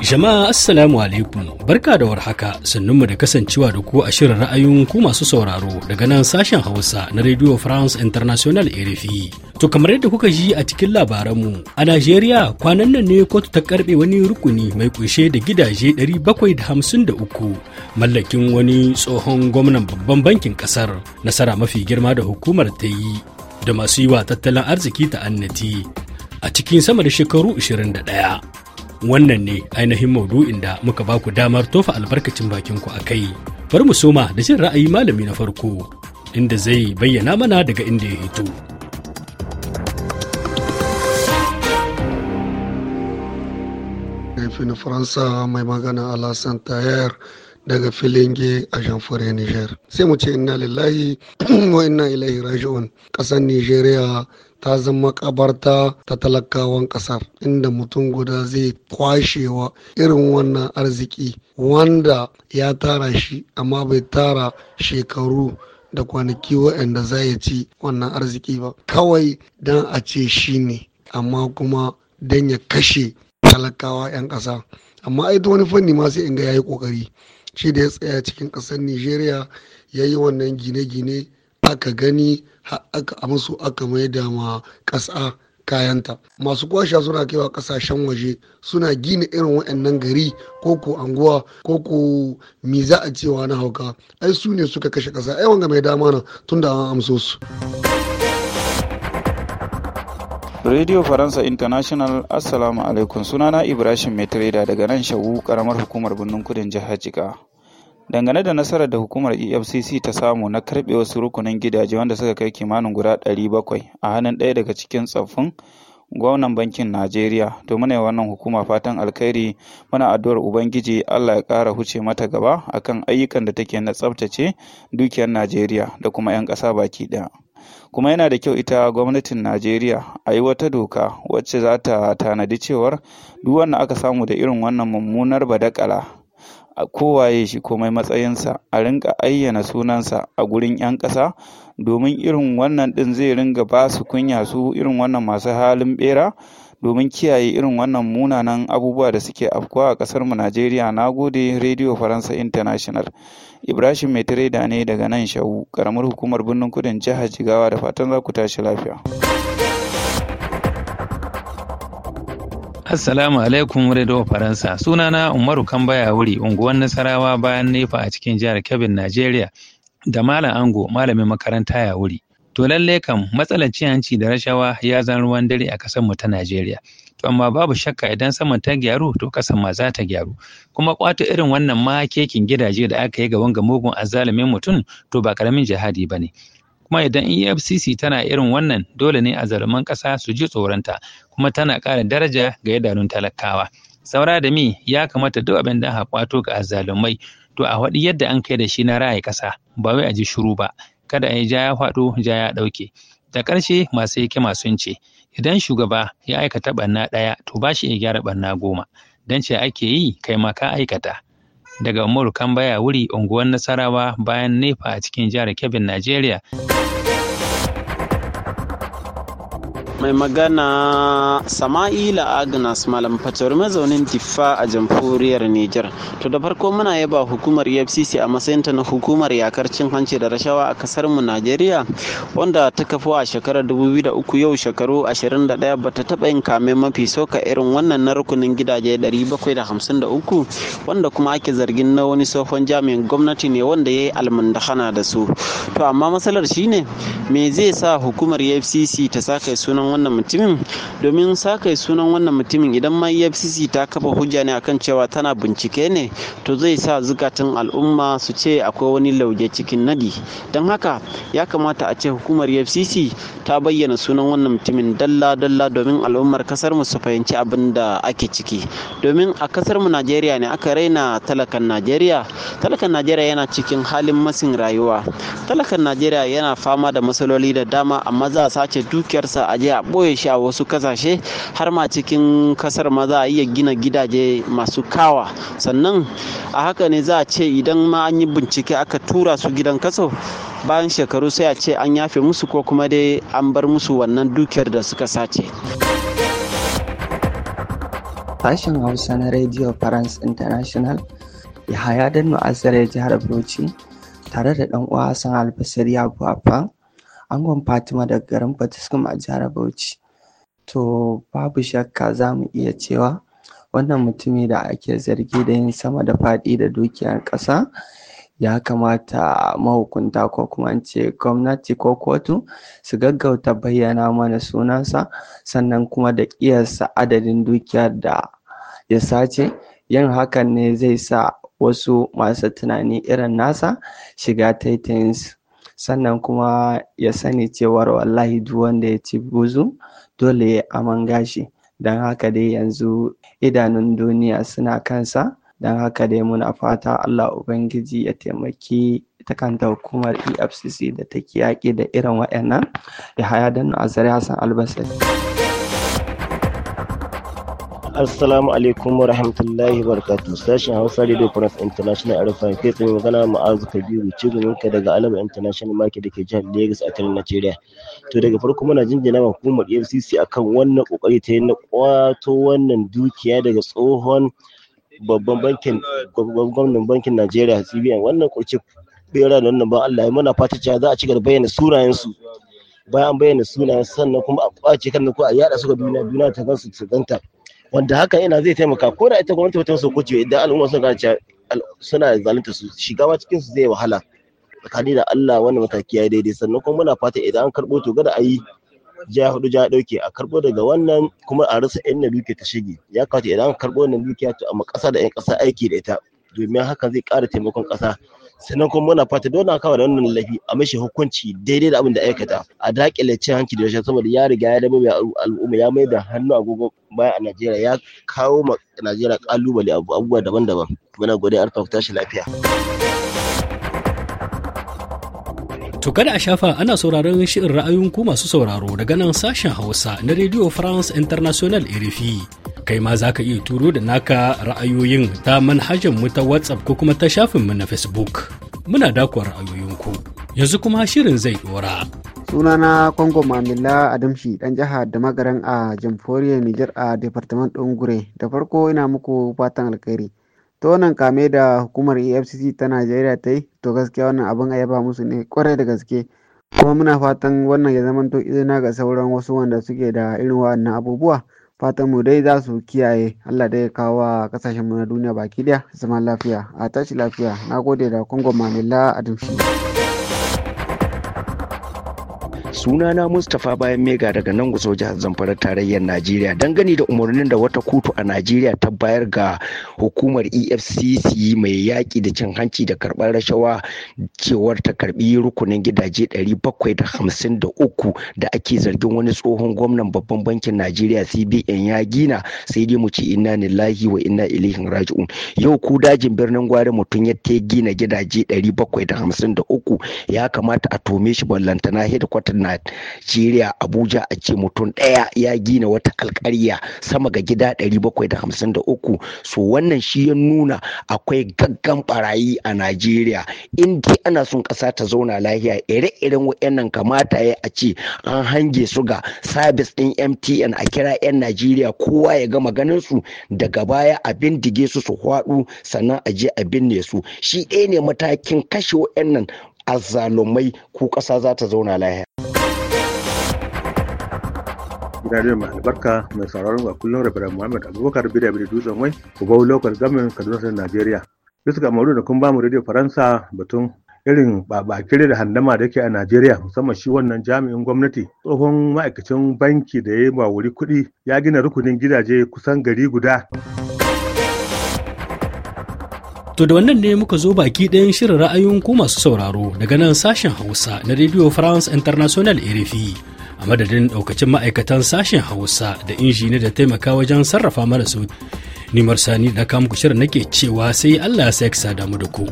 Jama'a Assalamu alaikum barka da warhaka sannunmu da kasancewa da ku a shirin ra'ayin ku masu sauraro daga nan sashen Hausa na Radio France International RFI. To kamar yadda kuka ji a cikin labaranmu a Najeriya kwanan nan ne kotu ta karbe wani rukuni mai kunshe da gidaje 753 mallakin wani tsohon gwamnan babban bankin kasar nasara mafi girma da hukumar ta yi da masu yi wa tattalin arziki ta annati a cikin sama da shekaru 21 wannan ne ainihin maudu'in da muka baku damar tofa albarkacin bakin ku a kai bari mu soma da jin ra'ayi malami na farko inda zai bayyana mana daga inda ya hito na faransa mai magana Alassane tayar daga filinge a jamfure niger sai mu ce inna lillahi wa inna ilaihi raji'un ƙasar nigeria ta zama kabarta ta talakawan kasar inda mutum guda zai kwashewa irin wannan arziki wanda ya tara shi amma bai tara shekaru da kwanaki waɗanda za ya ci wannan arziki ba kawai don a ce shi ne amma kuma don ya kashe talakawa 'yan ƙasa amma ai ta wani fanni ma sai in ga ya yi ƙoƙari shi da ya tsaya cikin ƙasar nigeria ya yi wannan gine-gine aka gani aka a masu aka da ma kasa kayanta masu kwasha suna kaiwa kasashen waje suna gina irin waɗannan gari ko ko anguwa ko ko mi za a cewa na hauka ai su ne suka kashe ƙasa ai wanga mai dama na tun da an amso su Radio Faransa International Assalamu alaikum sunana Ibrahim Metreda daga nan shagu karamar hukumar birnin kudin jihar jika dangane da nasarar da hukumar efcc ta samu na karbe wasu rukunin gidaje wanda suka kai kimanin guda 700 a hannun ɗaya daga cikin tsaffin gwamnan bankin najeriya to muna wannan hukuma fatan alkhairi muna addu'ar ubangiji allah ya ƙara huce mata gaba akan ayyukan da take na tsaftace dukiyar najeriya da kuma 'yan ƙasa baki ɗaya kuma yana da kyau ita gwamnatin najeriya a yi wata doka wacce za ta tanadi cewar duk wanda aka samu da irin wannan mummunar badakala A kowaye shi komai matsayinsa a rinka ayyana sunansa a gurin 'yan ƙasa domin irin wannan ɗin zai ringa ba su kunya su irin wannan masu halin bera, domin kiyaye irin wannan munanan abubuwa da suke afkuwa a ƙasar mu Najeriya na gode Radio Faransa International Ibrahim da ne daga nan Shawu ƙaramar hukumar birnin kudin jihar Jigawa da fatan za ku tashi lafiya. Assalamu alaikum Radio Faransa. Sunana Umaru Kambaya wuri unguwar Nasarawa bayan nefa a cikin jihar Kebbi, Najeriya da Malam Ango malamin makaranta ya wuri. To lalle kam matsalar ciyanci hanci da rashawa ya zan ruwan dare a kasar mu ta Najeriya. To amma babu shakka idan saman ta gyaru to kasan ma za ta gyaru. Kuma ƙwato irin wannan ma kekin gidaje da aka yi ga wanga mugun azzalumin mutum to ba karamin jihadi ba ne. kuma idan efcc tana irin wannan dole ne a ƙasa su ji tsoronta kuma tana ƙara daraja ga yadarun talakawa saura da mi ya kamata duk abin da aka kwato ga azzalumai to a faɗi yadda an kai da shi na ra'ayi ƙasa ba wai a ji shiru ba kada a yi ja ya faɗo ja ya ɗauke da ƙarshe masu hikima sun ce idan shugaba ya aikata ɓanna ɗaya to ba shi ya gyara ɓanna goma don ce ake yi kai ma ka aikata daga Umaru Kambaya wuri unguwar Nasarawa bayan Nefa a cikin jihar Kebbin Najeriya. mai magana sama'ila agnes malam fatar mazaunin diffa a jamhuriyar niger to da farko muna yaba hukumar efcc a matsayinta na hukumar yakar cin hanci da rashawa a kasar mu najeriya wanda ta kafu a shekarar 2003 yau shekaru 21 bata taba yin kame mafi soka irin wannan na rukunin gidaje 753 wanda kuma ake zargin na wani tsohon jami'in gwamnati ne wanda ya yi almundahana da su to amma matsalar shine me zai sa hukumar efcc ta saka sunan wannan mutumin domin sakai sunan wannan mutumin idan ma efcc ta kafa hujja ne akan cewa tana bincike ne to zai sa zukatan al'umma su ce akwai wani lauje cikin nadi don haka ya kamata a ce hukumar efcc ta bayyana sunan wannan mutumin dalla dalla domin al'ummar kasar mu su fahimci abin da ake ciki domin a kasar mu najeriya ne aka raina talakan najeriya talakan najeriya yana cikin halin masin rayuwa talakan najeriya yana fama da matsaloli da dama amma za a sace dukiyarsa a je a ɓoye shi a wasu kasashe har ma cikin kasar ma za a iya gina gidaje masu kawa sannan a haka ne za a ce idan ma an yi bincike aka tura su gidan kaso bayan shekaru sai a ce an yafe musu ko kuma dai an bar musu wannan dukiyar da suka sace. Sashen Hausa na Radio France International Yahaya Danno Azare jihar Bauchi tare da ɗan uwa Hassan Albasari Abu Afan angon Fatima da garin Fatiskum a jihar Bauchi. To babu shakka za mu iya cewa wannan mutumi da ake zargi da yin sama da faɗi da dukiyar ƙasa ya kamata mahukunta ko kuma an ce gwamnati ko kotu su gaggauta bayyana mana sunansa sannan kuma da ƙiyarsa adadin dukiyar da ya sace yin hakan ne zai sa wasu masu tunani irin nasa shiga taitayinsu sannan kuma ya sani cewar wallahi duk wanda ya ci buzu dole ya aman gashi don haka dai yanzu idanun duniya suna kansa don haka dai muna fata allah ubangiji ya taimaki ta kanta hukumar efcc da take yaƙi da irin waɗannan ya haya don hassan albasari Assalamu alaikum wa rahmatullahi wa barakatuh. Sashen Hausa Radio France International RFI kai tsaye magana ma'azu Kabiru Ciguminka daga Alama International Market da ke jihar Lagos a tare Najeriya. To daga farko muna jinjina ma hukumar EFCC akan wannan kokari ta yi na kwato wannan dukiya daga tsohon babban bankin gwamnan bankin Najeriya CBN wannan kurce bera da wannan ba Allah ya muna fata cewa za a ci gaba bayyana sunayensu bayan an bayyana sunayen sannan kuma a kwace kan ko a yada su ga duniya duniya ta gan su ta ganta. wanda haka yana zai taimaka ko da ita gwamnati ta so kuce idan al'umma sun gane suna zalunta su shiga ma cikin su zai wahala tsakani da Allah wannan mataki ya daidai sannan kuma muna fata idan an karbo to gada ayi ja hudu ja dauke a karbo daga wannan kuma a rasa 'yan na duke ta shige ya kawo idan an karbo wannan dukiya to a kasa da yan kasa aiki da ita domin haka zai kara taimakon kasa sannan kuma muna fata dole a kawo da wannan laifi a mashi hukunci daidai da abin da aikata a dakile cin hanci da rashin saboda ya riga ya dabo al'umma ya mai da hannu agogo baya a Najeriya ya kawo ma Najeriya kalubale abubuwa daban-daban muna gode arfa ku tashi lafiya To kada a shafa ana sauraron shirin ra'ayoyin ku masu sauraro daga nan sashen Hausa na Radio France International RFI. kai ma za ka iya turo da naka ra'ayoyin ta manhajar mu ta whatsapp ko kuma ta mu na facebook muna dakon ra'ayoyinku yanzu kuma shirin zai dora sunana kongo mamila adamshi dan jihar da magaran a jamhuriyar niger a departament ɗin gure da farko ina muku fatan alkhairi to wannan kame da hukumar efcc ta najeriya ta yi to gaskiya wannan abin a yaba musu ne kwarai da gaske kuma muna fatan wannan ya zamanto izina ga sauran wasu wanda suke da irin waɗannan abubuwa fatan mu dai za su kiyaye Allah dai ya kawo a kasashen mu na duniya baki daya zaman lafiya a tashi lafiya na gode da kongo manila adamshi sunana mustapha bayan mega daga nan guso jihar zamfara tarayyar najeriya dangane da umarnin da wata kotu a najeriya ta bayar ga hukumar efcc mai yaƙi da cin hanci da karɓar rashawa cewar ta karɓi rukunin gidaje 753 da ake zargin wani tsohon gwamnan babban bankin najeriya cbn ya gina sai dai mu ce inna lillahi wa inna ilaihi raji'un yau ku dajin birnin gwari mutum ya ta gina gidaje 753 ya kamata a tome shi ballantana hedikwatar Najeriya Abuja a ce mutum ɗaya ya gina wata alƙarya sama ga gida 753 so wannan shi ya nuna akwai gaggan barayi a Najeriya in dai ana son ƙasa ta zauna lahiya ire-iren wayannan kamata ya a ce an hange su ga sabis ɗin MTN a kira 'yan Najeriya kowa ya gama ganin su daga baya a bindige su su haɗu sannan a je a binne su shi ɗaya ne matakin kashe waɗannan azzalumai ko ƙasa za ta zauna lahiya. gidan mai albarka mai sauraron a kullum rabirar muhammad abubakar bida bida dutsen wai bau lokal gamin kaduna state najeriya bisa ga maudu da kun bamu radio faransa batun irin babakire da handama da yake a najeriya musamman shi wannan jami'in gwamnati tsohon ma'aikacin banki da ya yi wuri kuɗi ya gina rukunin gidaje kusan gari guda To da wannan ne muka zo baki ɗayan shirin ra'ayoyin ku masu sauraro daga nan sashen Hausa na Radio France International RFI. a madadin daukacin ma'aikatan sashen hausa da injini da taimaka wajen sarrafa mana sauti nimar sani da kamu shirin nake cewa sai allah ya sa damu da ku